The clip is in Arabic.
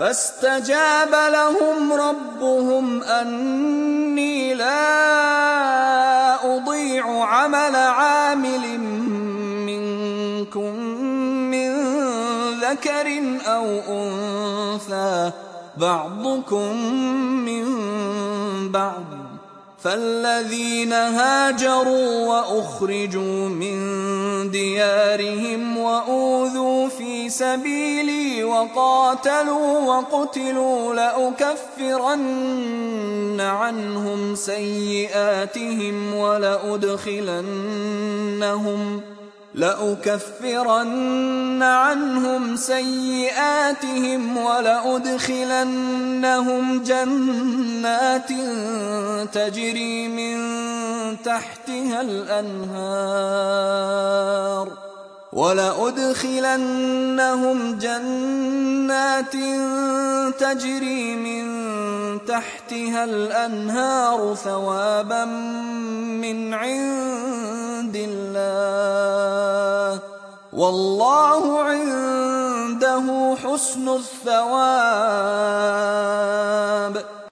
فاستجاب لهم ربهم أني لا أضيع عمل عامل منكم من ذكر أو أنثى بعضكم من بعض فالذين هاجروا وأخرجوا من ديارهم وأوتوا أخذوا في سبيلي وقاتلوا وقتلوا لأكفرن عنهم سيئاتهم ولأدخلنهم لأكفرن عنهم سيئاتهم ولأدخلنهم جنات تجري من تحتها الأنهار ولأدخلنهم جنات تجري من تحتها الأنهار ثوابا من عند الله والله عنده حسن الثواب